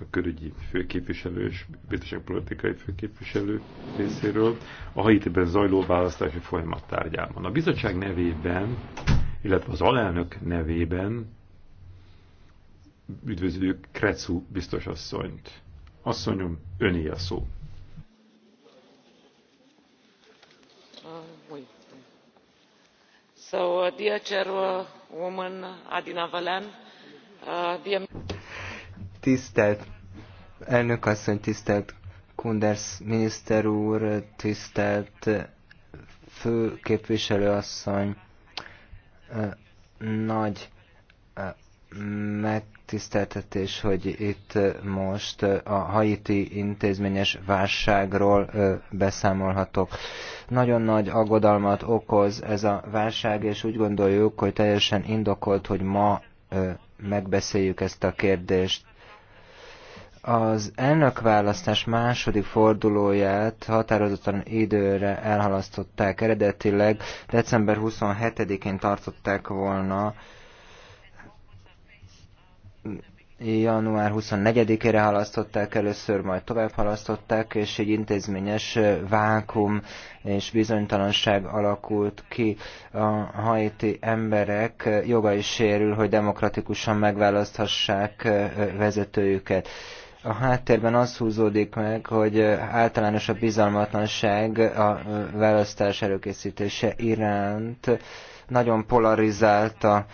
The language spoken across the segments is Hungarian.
a körügyi főképviselő és politikai főképviselő részéről a Haitiben zajló választási folyamat tárgyában. A bizottság nevében, illetve az alelnök nevében üdvözlők Krecu biztosasszonyt. Asszonyom, öné a szó. Ah, so, uh, dear chairwoman Adina Valen, uh, dear... Tisztelt elnök asszony, tisztelt Kunders miniszter úr, tisztelt főképviselő asszony, nagy megtiszteltetés, hogy itt most a haiti intézményes válságról beszámolhatok. Nagyon nagy aggodalmat okoz ez a válság, és úgy gondoljuk, hogy teljesen indokolt, hogy ma megbeszéljük ezt a kérdést az elnökválasztás második fordulóját határozottan időre elhalasztották eredetileg, december 27-én tartották volna, január 24-ére halasztották, először majd tovább halasztották, és egy intézményes vákum és bizonytalanság alakult ki. A haiti emberek joga is sérül, hogy demokratikusan megválaszthassák vezetőjüket a háttérben az húzódik meg, hogy általános a bizalmatlanság a választás előkészítése iránt, nagyon polarizált a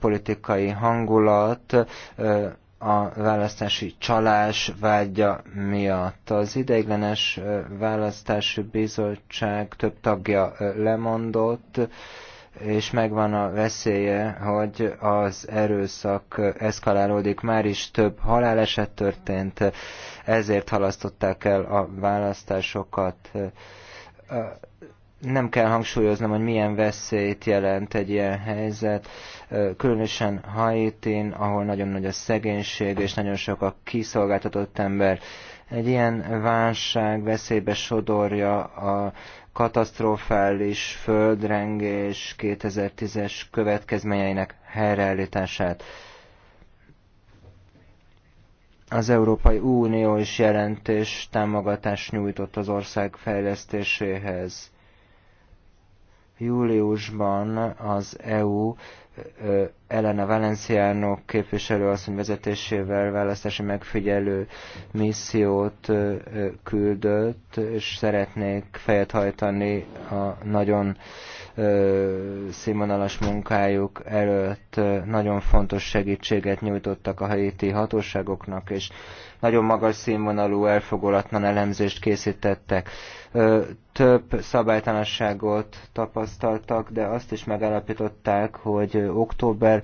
politikai hangulat, a választási csalás vágya miatt. Az ideiglenes választási bizottság több tagja lemondott, és megvan a veszélye, hogy az erőszak eszkalálódik, már is több haláleset történt, ezért halasztották el a választásokat. Nem kell hangsúlyoznom, hogy milyen veszélyt jelent egy ilyen helyzet, különösen Haitin, ahol nagyon nagy a szegénység, és nagyon sok a kiszolgáltatott ember egy ilyen válság veszélybe sodorja a katasztrofális földrengés 2010-es következményeinek helyreállítását. Az Európai Unió is jelentés támogatást nyújtott az ország fejlesztéséhez. Júliusban az EU Elena Valenciano képviselő asszony vezetésével választási megfigyelő missziót küldött, és szeretnék fejet hajtani a nagyon színvonalas munkájuk előtt. Nagyon fontos segítséget nyújtottak a helyi hatóságoknak, és nagyon magas színvonalú elfogolatlan elemzést készítettek. Több szabálytalanságot tapasztaltak, de azt is megállapították, hogy október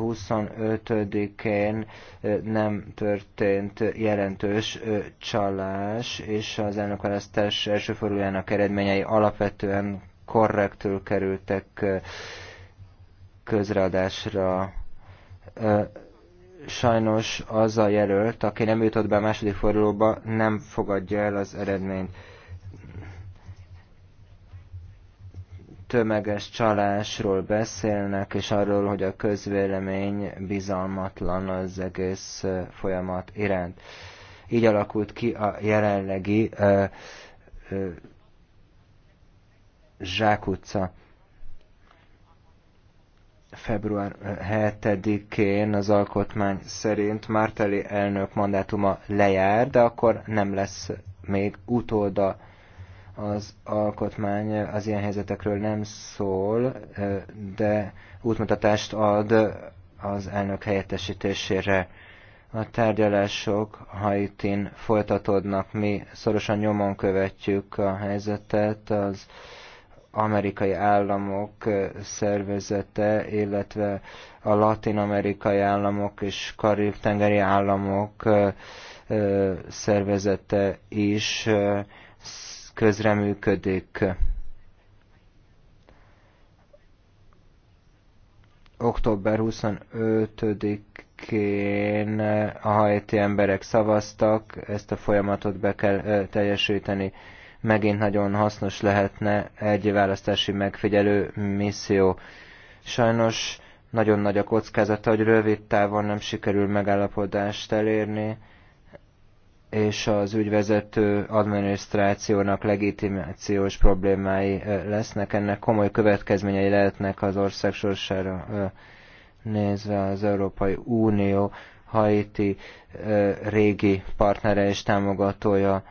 25-én nem történt jelentős csalás, és az elnökválasztás első forrójának eredményei alapvetően korrektül kerültek közreadásra sajnos az a jelölt, aki nem jutott be a második fordulóba, nem fogadja el az eredményt tömeges csalásról beszélnek, és arról, hogy a közvélemény bizalmatlan az egész folyamat iránt. Így alakult ki a jelenlegi ö, ö, zsákutca. Február 7-én az alkotmány szerint Márteli elnök mandátuma lejár, de akkor nem lesz még utóda az alkotmány az ilyen helyzetekről nem szól, de útmutatást ad az elnök helyettesítésére. A tárgyalások Haitin folytatódnak, mi szorosan nyomon követjük a helyzetet, az amerikai államok szervezete, illetve a latin-amerikai államok és karib-tengeri államok szervezete is közreműködők. közreműködik. Október 25-én a hajti emberek szavaztak, ezt a folyamatot be kell teljesíteni. Megint nagyon hasznos lehetne egy választási megfigyelő misszió. Sajnos nagyon nagy a kockázata, hogy rövid távon nem sikerül megállapodást elérni és az ügyvezető adminisztrációnak legitimációs problémái lesznek. Ennek komoly következményei lehetnek az ország sorsára nézve az Európai Unió Haiti régi partnere és támogatója.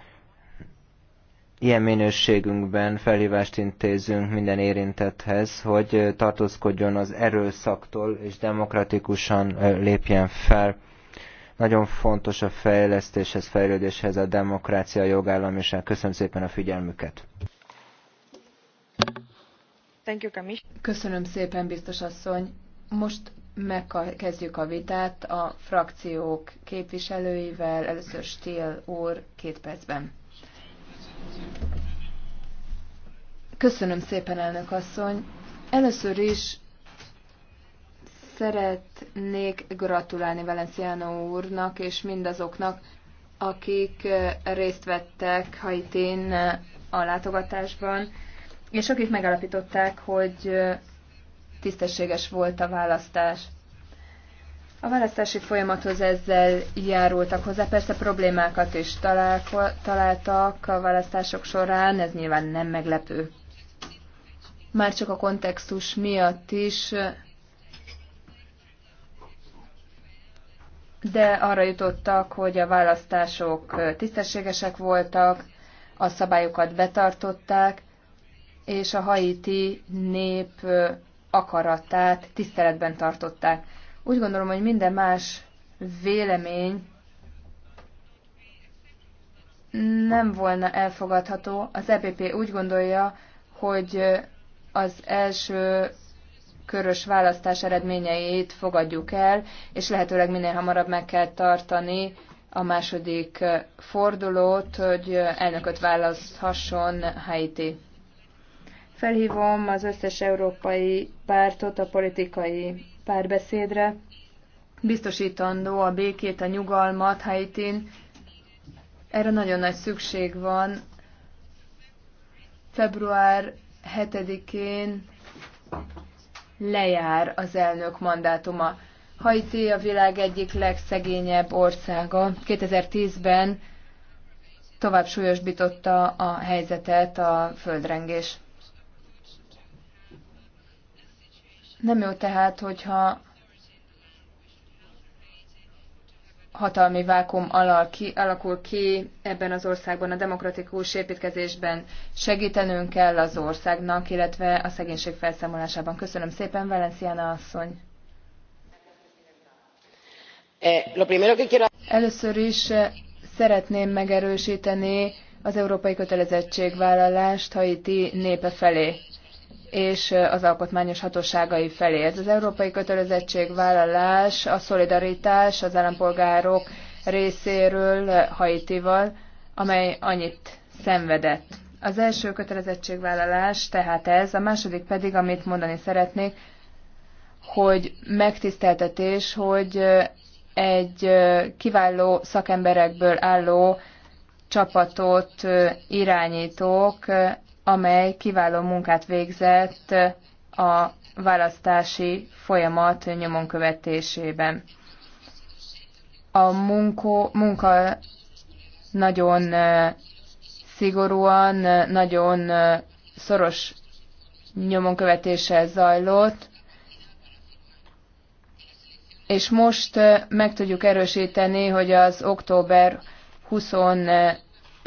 Ilyen minőségünkben felhívást intézünk minden érintetthez, hogy tartózkodjon az erőszaktól és demokratikusan lépjen fel nagyon fontos a fejlesztéshez, fejlődéshez a demokrácia, a jogállamiság. Köszönöm szépen a figyelmüket. Köszönöm szépen, biztos asszony. Most megkezdjük a vitát a frakciók képviselőivel. Először Stél úr két percben. Köszönöm szépen, elnök asszony. Először is Szeretnék gratulálni Valenciano úrnak és mindazoknak, akik részt vettek Haitén a látogatásban, és akik megalapították, hogy tisztességes volt a választás. A választási folyamathoz ezzel járultak hozzá, persze problémákat is találtak a választások során, ez nyilván nem meglepő. Már csak a kontextus miatt is de arra jutottak, hogy a választások tisztességesek voltak, a szabályokat betartották, és a haiti nép akaratát tiszteletben tartották. Úgy gondolom, hogy minden más vélemény nem volna elfogadható. Az EPP úgy gondolja, hogy az első körös választás eredményeit fogadjuk el, és lehetőleg minél hamarabb meg kell tartani a második fordulót, hogy elnököt választhasson Haiti. Felhívom az összes európai pártot a politikai párbeszédre, biztosítandó a békét, a nyugalmat Haitin. Erre nagyon nagy szükség van. Február 7-én lejár az elnök mandátuma. Haiti a világ egyik legszegényebb országa. 2010-ben tovább súlyosbította a helyzetet a földrengés. Nem jó tehát, hogyha hatalmi vákum alakul ki ebben az országban, a demokratikus építkezésben segítenünk kell az országnak, illetve a szegénység felszámolásában. Köszönöm szépen, Valenciana asszony! Eh, Először is eh, szeretném megerősíteni az európai kötelezettségvállalást Haiti népe felé és az alkotmányos hatóságai felé. Ez az európai vállalás, a szolidaritás az állampolgárok részéről Haitival, amely annyit szenvedett. Az első kötelezettségvállalás tehát ez, a második pedig, amit mondani szeretnék, hogy megtiszteltetés, hogy egy kiváló szakemberekből álló csapatot irányítok, amely kiváló munkát végzett a választási folyamat nyomon követésében. A munko, munka nagyon szigorúan, nagyon szoros nyomon követéssel zajlott, és most meg tudjuk erősíteni, hogy az október 20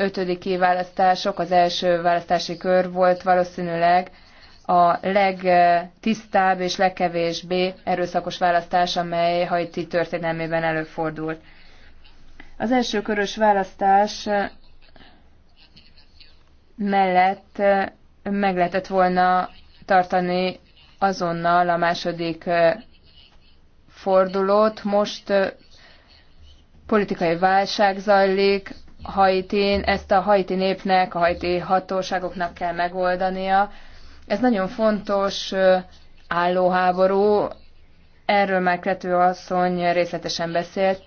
ötödiki választások, az első választási kör volt valószínűleg a legtisztább és legkevésbé erőszakos választás, amely Haiti történelmében előfordult. Az első körös választás mellett meg lehetett volna tartani azonnal a második fordulót. Most politikai válság zajlik, Haitin, ezt a hajti népnek, a hajti hatóságoknak kell megoldania. Ez nagyon fontos állóháború, erről már Krető asszony részletesen beszélt.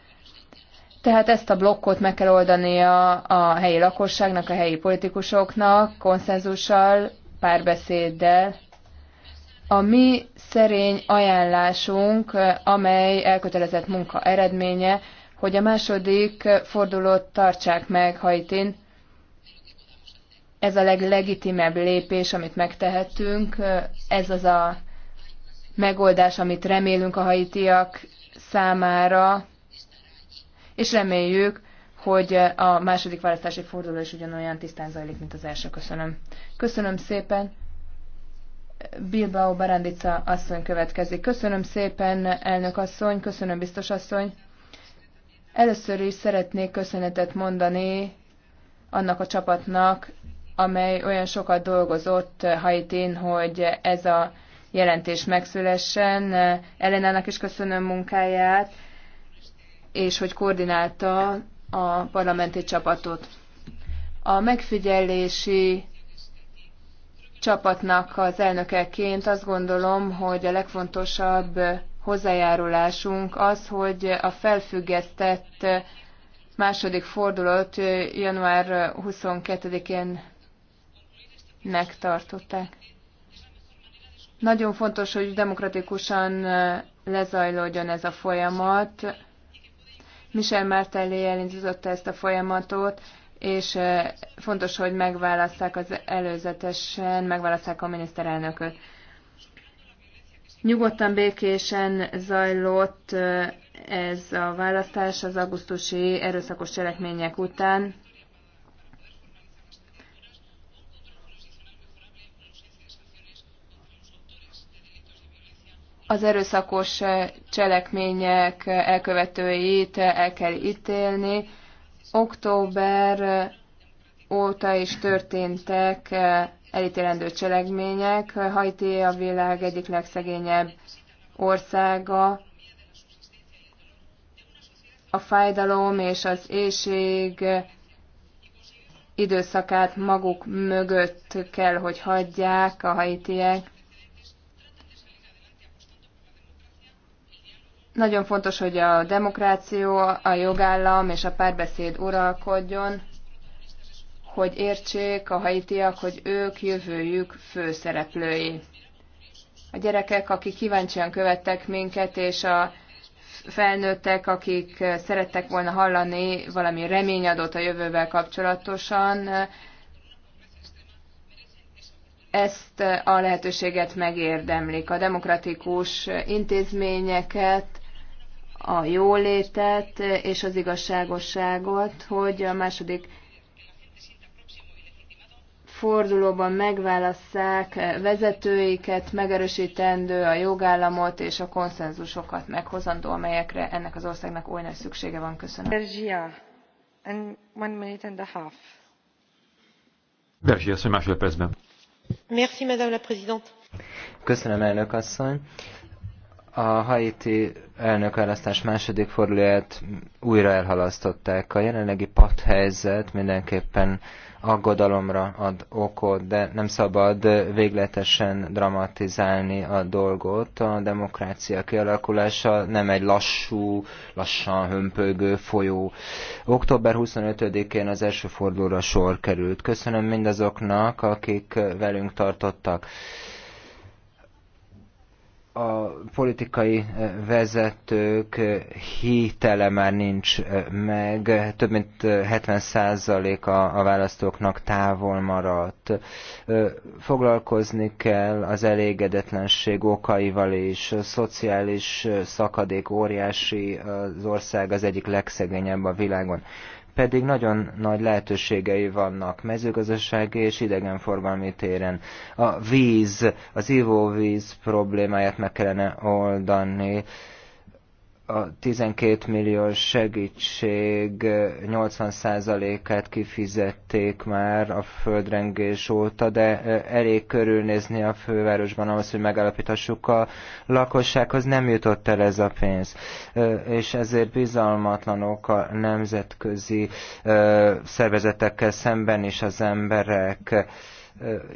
Tehát ezt a blokkot meg kell oldania a helyi lakosságnak, a helyi politikusoknak, konszenzussal, párbeszéddel. A mi szerény ajánlásunk, amely elkötelezett munka eredménye, hogy a második fordulót tartsák meg Haitin. Ez a leglegitimebb lépés, amit megtehetünk. Ez az a megoldás, amit remélünk a haitiak számára, és reméljük, hogy a második választási forduló is ugyanolyan tisztán zajlik, mint az első. Köszönöm. Köszönöm szépen. Bilbao Barandica asszony következik. Köszönöm szépen, elnök asszony, köszönöm biztos asszony. Először is szeretnék köszönetet mondani annak a csapatnak, amely olyan sokat dolgozott Haitin, hogy ez a jelentés megszülessen. Elenának is köszönöm munkáját, és hogy koordinálta a parlamenti csapatot. A megfigyelési csapatnak az elnökeként azt gondolom, hogy a legfontosabb hozzájárulásunk az, hogy a felfüggesztett második fordulót január 22-én megtartották. Nagyon fontos, hogy demokratikusan lezajlódjon ez a folyamat. Michel Martelly elindította ezt a folyamatot, és eh, fontos, hogy megválaszták az előzetesen, megválaszták a miniszterelnököt. Nyugodtan, békésen zajlott ez a választás az augusztusi erőszakos cselekmények után. Az erőszakos cselekmények elkövetőit el kell ítélni. Október óta is történtek elítélendő cselekmények. Haiti a világ egyik legszegényebb országa. A fájdalom és az éjség időszakát maguk mögött kell, hogy hagyják a haitiek. Nagyon fontos, hogy a demokráció, a jogállam és a párbeszéd uralkodjon hogy értsék a haitiak, hogy ők jövőjük főszereplői. A gyerekek, akik kíváncsian követtek minket, és a felnőttek, akik szerettek volna hallani valami reményadót a jövővel kapcsolatosan, ezt a lehetőséget megérdemlik. A demokratikus intézményeket, a jólétet és az igazságosságot, hogy a második fordulóban megválasszák vezetőiket, megerősítendő a jogállamot és a konszenzusokat meghozandó, amelyekre ennek az országnak oly nagy szüksége van. Köszönöm. Berzsia, and one minute and a half. Berzsia, asszony másodpercben. Merci, madame la présidente. Köszönöm, elnök asszony a haiti elnökválasztás második fordulóját újra elhalasztották. A jelenlegi padhelyzet mindenképpen aggodalomra ad okot, de nem szabad végletesen dramatizálni a dolgot. A demokrácia kialakulása nem egy lassú, lassan hömpögő folyó. Október 25-én az első fordulóra sor került. Köszönöm mindazoknak, akik velünk tartottak a politikai eh, vezetők eh, hitele már nincs eh, meg, több mint 70% a, a választóknak távol maradt. Foglalkozni kell az elégedetlenség okaival is, a szociális szakadék óriási, az ország az egyik legszegényebb a világon pedig nagyon nagy lehetőségei vannak mezőgazdasági és idegenforgalmi téren. A víz, az ivóvíz problémáját meg kellene oldani, a 12 millió segítség 80%-át kifizették már a földrengés óta, de elég körülnézni a fővárosban ahhoz, hogy megállapíthassuk, a lakossághoz nem jutott el ez a pénz. És ezért bizalmatlanok a nemzetközi szervezetekkel szemben is az emberek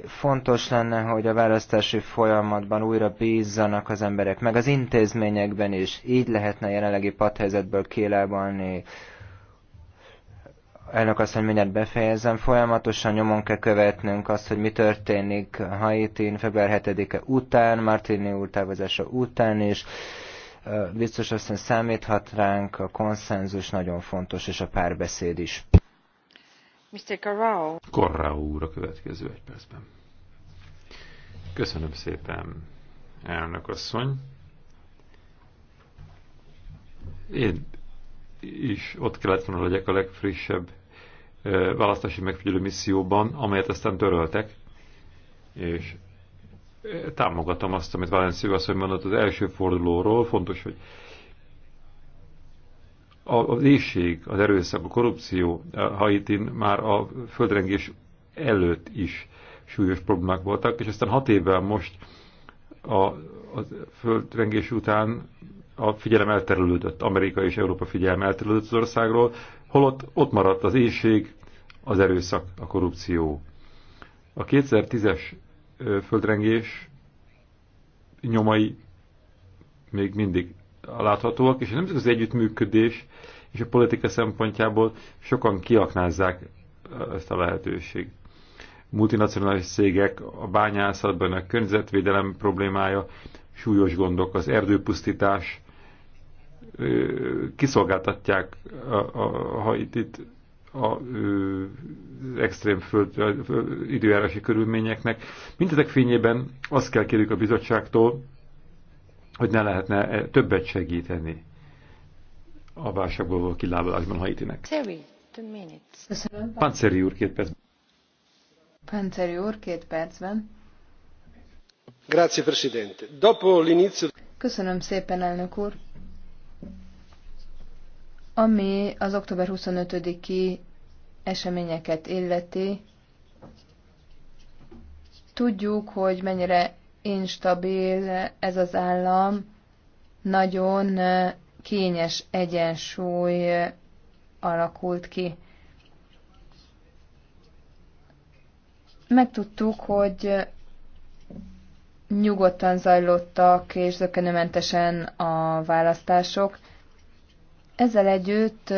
Fontos lenne, hogy a választási folyamatban újra bízzanak az emberek, meg az intézményekben is. Így lehetne a jelenlegi padhelyzetből kélábalni. Elnök azt, hogy mindjárt befejezem. Folyamatosan nyomon kell követnünk azt, hogy mi történik Haitin február 7-e után, Martini úr távozása után is biztos azt, hogy számíthat ránk, a konszenzus nagyon fontos, és a párbeszéd is. Mr. Corrao. Corrao úr a következő egy percben. Köszönöm szépen, elnök asszony. Én is ott kellett volna legyek a legfrissebb választási megfigyelő misszióban, amelyet aztán töröltek, és támogatom azt, amit Valencia asszony mondott az első fordulóról, fontos, hogy az éjség, az erőszak, a korrupció Haitin már a földrengés előtt is súlyos problémák voltak, és aztán hat évvel most a, a földrengés után a figyelem elterülődött, Amerika és Európa figyelme elterülődött az országról, holott ott maradt az éjség, az erőszak, a korrupció. A 2010-es földrengés nyomai még mindig láthatóak, és a nemzetközi együttműködés és a politika szempontjából sokan kiaknázzák ezt a lehetőség. Multinacionális cégek, a bányászatban a környezetvédelem problémája, súlyos gondok, az erdőpusztítás, kiszolgáltatják a, a, a, itt, a, a extrém föld, a, időjárási körülményeknek. Mindezek fényében azt kell kérjük a bizottságtól, hogy ne lehetne eh, többet segíteni a válságból való kilábalásban Haitinek. Köszönöm. Panceri úr, két percben. Panceri úr, két percben. Grazie, Presidente. Dopo l'inizio... Köszönöm szépen, elnök úr. Ami az október 25-i eseményeket illeti, tudjuk, hogy mennyire instabil ez az állam, nagyon kényes egyensúly alakult ki. Megtudtuk, hogy nyugodtan zajlottak és zökkenőmentesen a választások. Ezzel együtt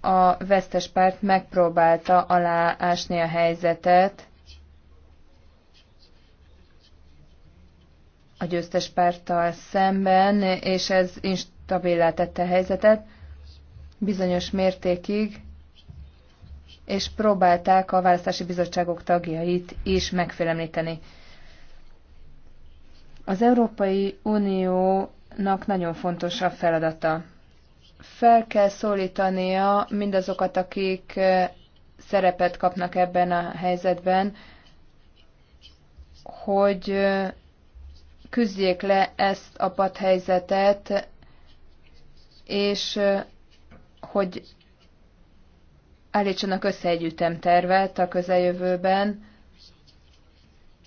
a vesztes párt megpróbálta aláásni a helyzetet, a győztes párttal szemben, és ez instabilá tette a helyzetet bizonyos mértékig, és próbálták a választási bizottságok tagjait is megfélemlíteni. Az Európai Uniónak nagyon fontos a feladata. Fel kell szólítania mindazokat, akik eh, szerepet kapnak ebben a helyzetben, hogy eh, küzdjék le ezt a padhelyzetet, és hogy állítsanak össze egy ütemtervet a közeljövőben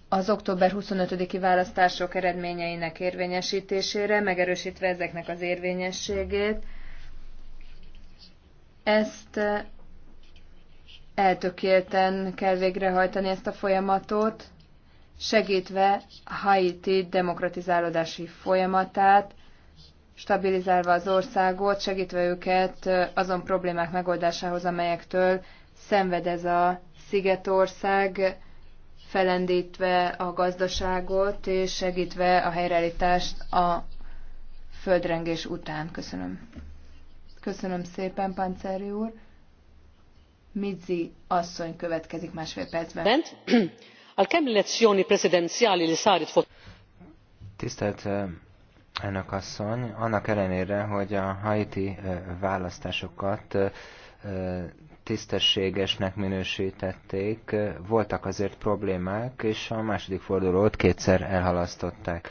az október 25-i választások eredményeinek érvényesítésére, megerősítve ezeknek az érvényességét. Ezt eltökélten kell végrehajtani ezt a folyamatot, segítve Haiti demokratizálódási folyamatát, stabilizálva az országot, segítve őket azon problémák megoldásához, amelyektől szenved ez a szigetország, felendítve a gazdaságot és segítve a helyreállítást a földrengés után. Köszönöm. Köszönöm szépen, Panceri úr. Midzi asszony következik másfél percben. Tisztelt eh, elnök asszony, annak ellenére, hogy a haiti eh, választásokat eh, tisztességesnek minősítették, voltak azért problémák, és a második fordulót kétszer elhalasztották.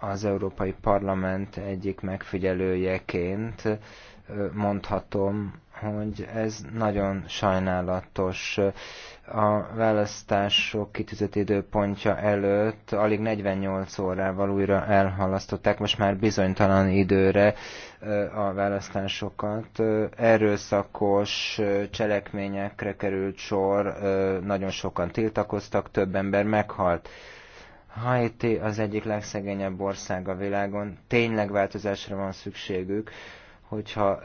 Az Európai Parlament egyik megfigyelőjeként mondhatom, hogy ez nagyon sajnálatos. A választások kitűzött időpontja előtt alig 48 órával újra elhalasztották, most már bizonytalan időre a választásokat. Erőszakos cselekményekre került sor, nagyon sokan tiltakoztak, több ember meghalt. Haiti az egyik legszegényebb ország a világon, tényleg változásra van szükségük, hogyha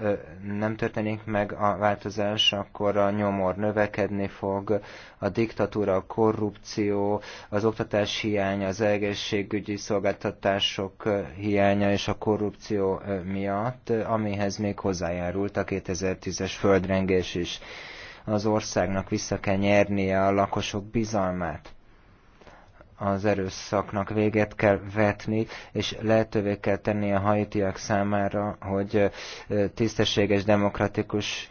nem történik meg a változás, akkor a nyomor növekedni fog, a diktatúra, a korrupció, az oktatás hiánya, az egészségügyi szolgáltatások hiánya és a korrupció miatt, amihez még hozzájárult a 2010-es földrengés is. Az országnak vissza kell nyernie a lakosok bizalmát az erőszaknak véget kell vetni, és lehetővé kell tenni a haitiak számára, hogy tisztességes, demokratikus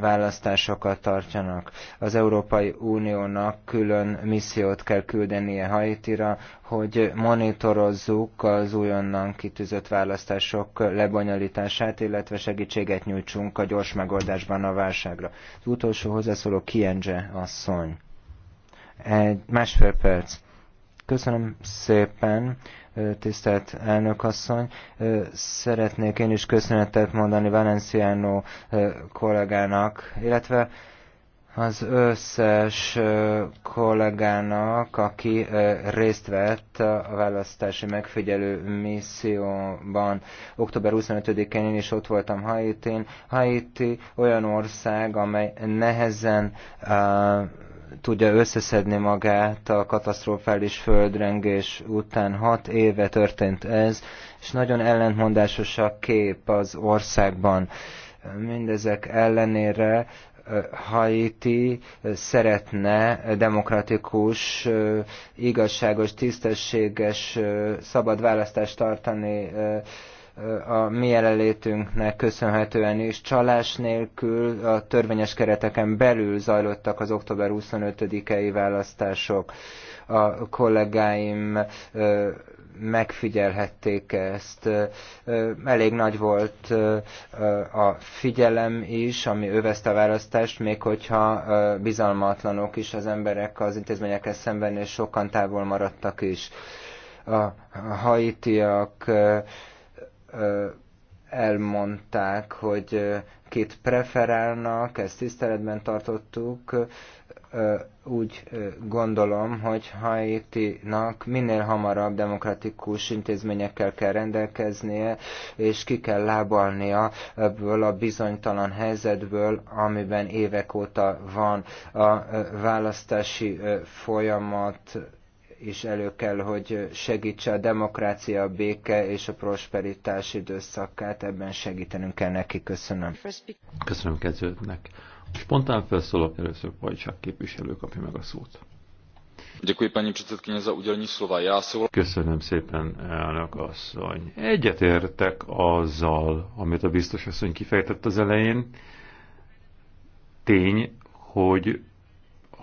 választásokat tartjanak. Az Európai Uniónak külön missziót kell küldenie Haitira, hogy monitorozzuk az újonnan kitűzött választások lebonyolítását, illetve segítséget nyújtsunk a gyors megoldásban a válságra. Az utolsó hozzászóló Kienge asszony. Egy másfél perc. Köszönöm szépen, tisztelt elnökasszony. Szeretnék én is köszönetet mondani Valenciano kollégának, illetve az összes kollégának, aki részt vett a választási megfigyelő misszióban. Október 25-én én is ott voltam Haiti-n. Haiti olyan ország, amely nehezen tudja összeszedni magát a katasztrofális földrengés után. Hat éve történt ez, és nagyon ellentmondásos a kép az országban. Mindezek ellenére Haiti szeretne demokratikus, igazságos, tisztességes, szabad választást tartani a mi jelenlétünknek köszönhetően is csalás nélkül a törvényes kereteken belül zajlottak az október 25-i választások. A kollégáim megfigyelhették ezt. Elég nagy volt a figyelem is, ami övezte a választást, még hogyha bizalmatlanok is az emberek az intézményekkel szemben, és sokan távol maradtak is. A haitiak elmondták, hogy két preferálnak, ezt tiszteletben tartottuk, úgy gondolom, hogy Haiti-nak minél hamarabb demokratikus intézményekkel kell rendelkeznie, és ki kell lábalnia ebből a bizonytalan helyzetből, amiben évek óta van a választási folyamat is elő kell, hogy segítse a demokrácia, a béke és a prosperitás időszakát. Ebben segítenünk kell neki. Köszönöm. Köszönöm kezdődnek. Spontán felszólok először, vagy csak képviselő kapja meg a szót. Köszönöm szépen, elnök asszony. Egyetértek azzal, amit a biztos asszony kifejtett az elején. Tény, hogy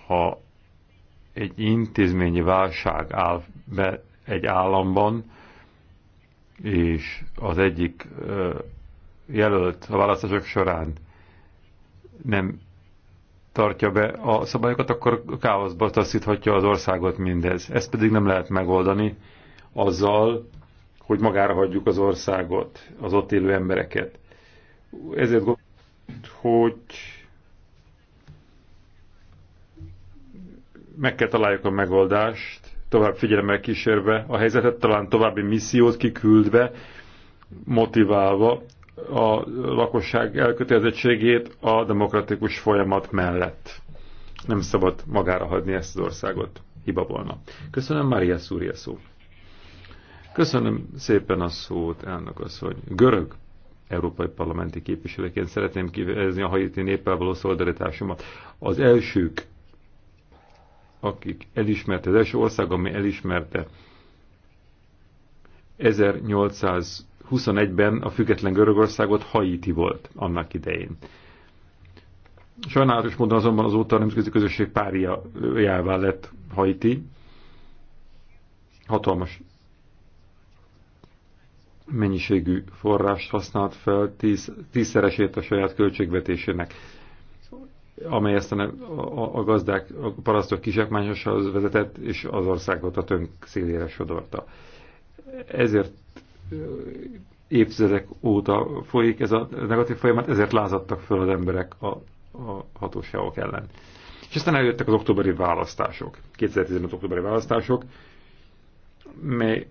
ha egy intézményi válság áll be egy államban, és az egyik jelölt a választások során nem tartja be a szabályokat, akkor káoszba taszíthatja az országot mindez. Ezt pedig nem lehet megoldani azzal, hogy magára hagyjuk az országot, az ott élő embereket. Ezért gondolom, hogy meg kell találjuk a megoldást, tovább figyelemmel kísérve a helyzetet, talán további missziót kiküldve, motiválva a lakosság elkötelezettségét a demokratikus folyamat mellett. Nem szabad magára hagyni ezt az országot. Hiba volna. Köszönöm, Mária Szúria szó. Köszönöm szépen a szót, elnök asszony. Görög európai parlamenti képviselőként szeretném kivezni a haiti néppel való szolidaritásomat. Az elsők akik elismerte, az első ország, ami elismerte 1821-ben a független Görögországot Haiti volt annak idején. Sajnálatos módon azonban azóta a nemzetközi közösség párjává lett Haiti. Hatalmas mennyiségű forrást használt fel, tíz, tízszeresét a saját költségvetésének amely aztán a, a, a gazdák, a parasztok kizsákmányosához vezetett, és az országot a tönk szélére sodorta. Ezért évtizedek óta folyik ez a negatív folyamat, ezért lázadtak föl az emberek a, a hatóságok ellen. És aztán eljöttek az októberi választások, 2015 októberi választások, mely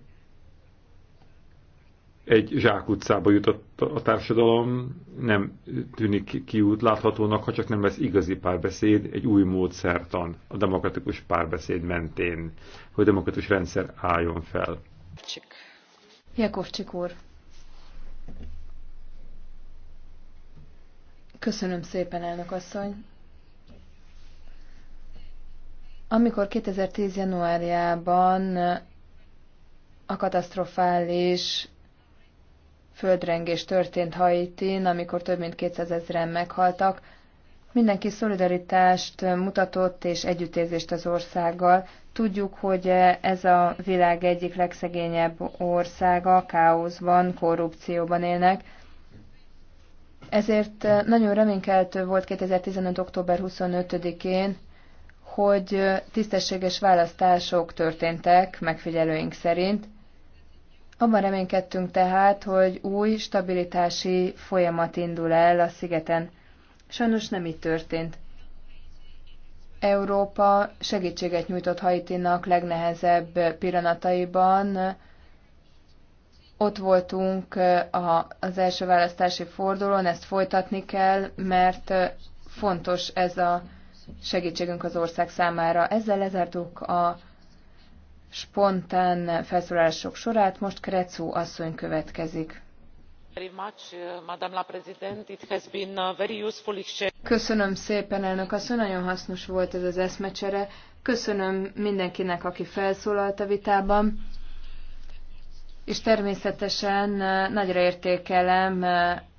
egy zsákutcába jutott a társadalom, nem tűnik kiút láthatónak, ha csak nem lesz igazi párbeszéd, egy új módszertan a demokratikus párbeszéd mentén, hogy a demokratikus rendszer álljon fel. Jakovcsik. úr. Köszönöm szépen, elnök asszony. Amikor 2010. januárjában a katasztrofális földrengés történt Haitin, amikor több mint 200 ezeren meghaltak. Mindenki szolidaritást mutatott és együttérzést az országgal. Tudjuk, hogy ez a világ egyik legszegényebb országa, káoszban, korrupcióban élnek. Ezért nagyon reménykeltő volt 2015. október 25-én, hogy tisztességes választások történtek megfigyelőink szerint, abban reménykedtünk tehát, hogy új stabilitási folyamat indul el a szigeten. Sajnos nem így történt. Európa segítséget nyújtott Haitinak legnehezebb pillanataiban. Ott voltunk az első választási fordulón, ezt folytatni kell, mert fontos ez a segítségünk az ország számára. Ezzel lezártuk a spontán felszólalások sorát. Most Krecu asszony következik. Köszönöm szépen, elnök asszony, nagyon hasznos volt ez az eszmecsere. Köszönöm mindenkinek, aki felszólalt a vitában, és természetesen nagyra értékelem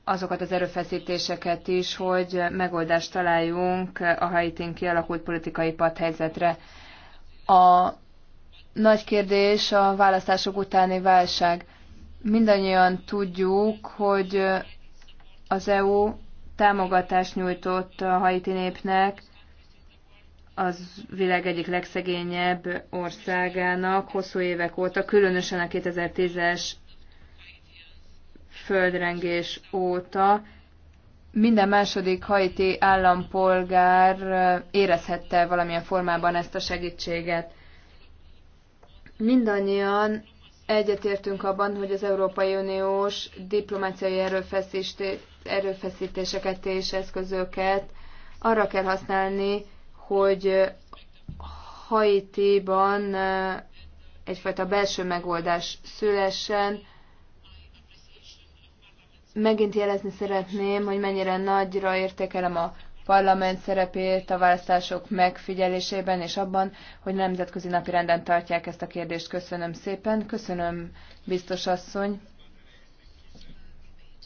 azokat az erőfeszítéseket is, hogy megoldást találjunk a haitin kialakult politikai padhelyzetre. A nagy kérdés a választások utáni válság. Mindannyian tudjuk, hogy az EU támogatást nyújtott a haiti népnek, az világ egyik legszegényebb országának hosszú évek óta, különösen a 2010-es földrengés óta. Minden második haiti állampolgár érezhette valamilyen formában ezt a segítséget. Mindannyian egyetértünk abban, hogy az Európai Uniós diplomáciai erőfeszítéseket és eszközöket arra kell használni, hogy Haiti-ban eh, egyfajta belső megoldás szülessen. Megint jelezni szeretném, hogy mennyire nagyra értékelem a parlament szerepét a választások megfigyelésében és abban, hogy nemzetközi napirenden tartják ezt a kérdést. Köszönöm szépen. Köszönöm, biztos asszony.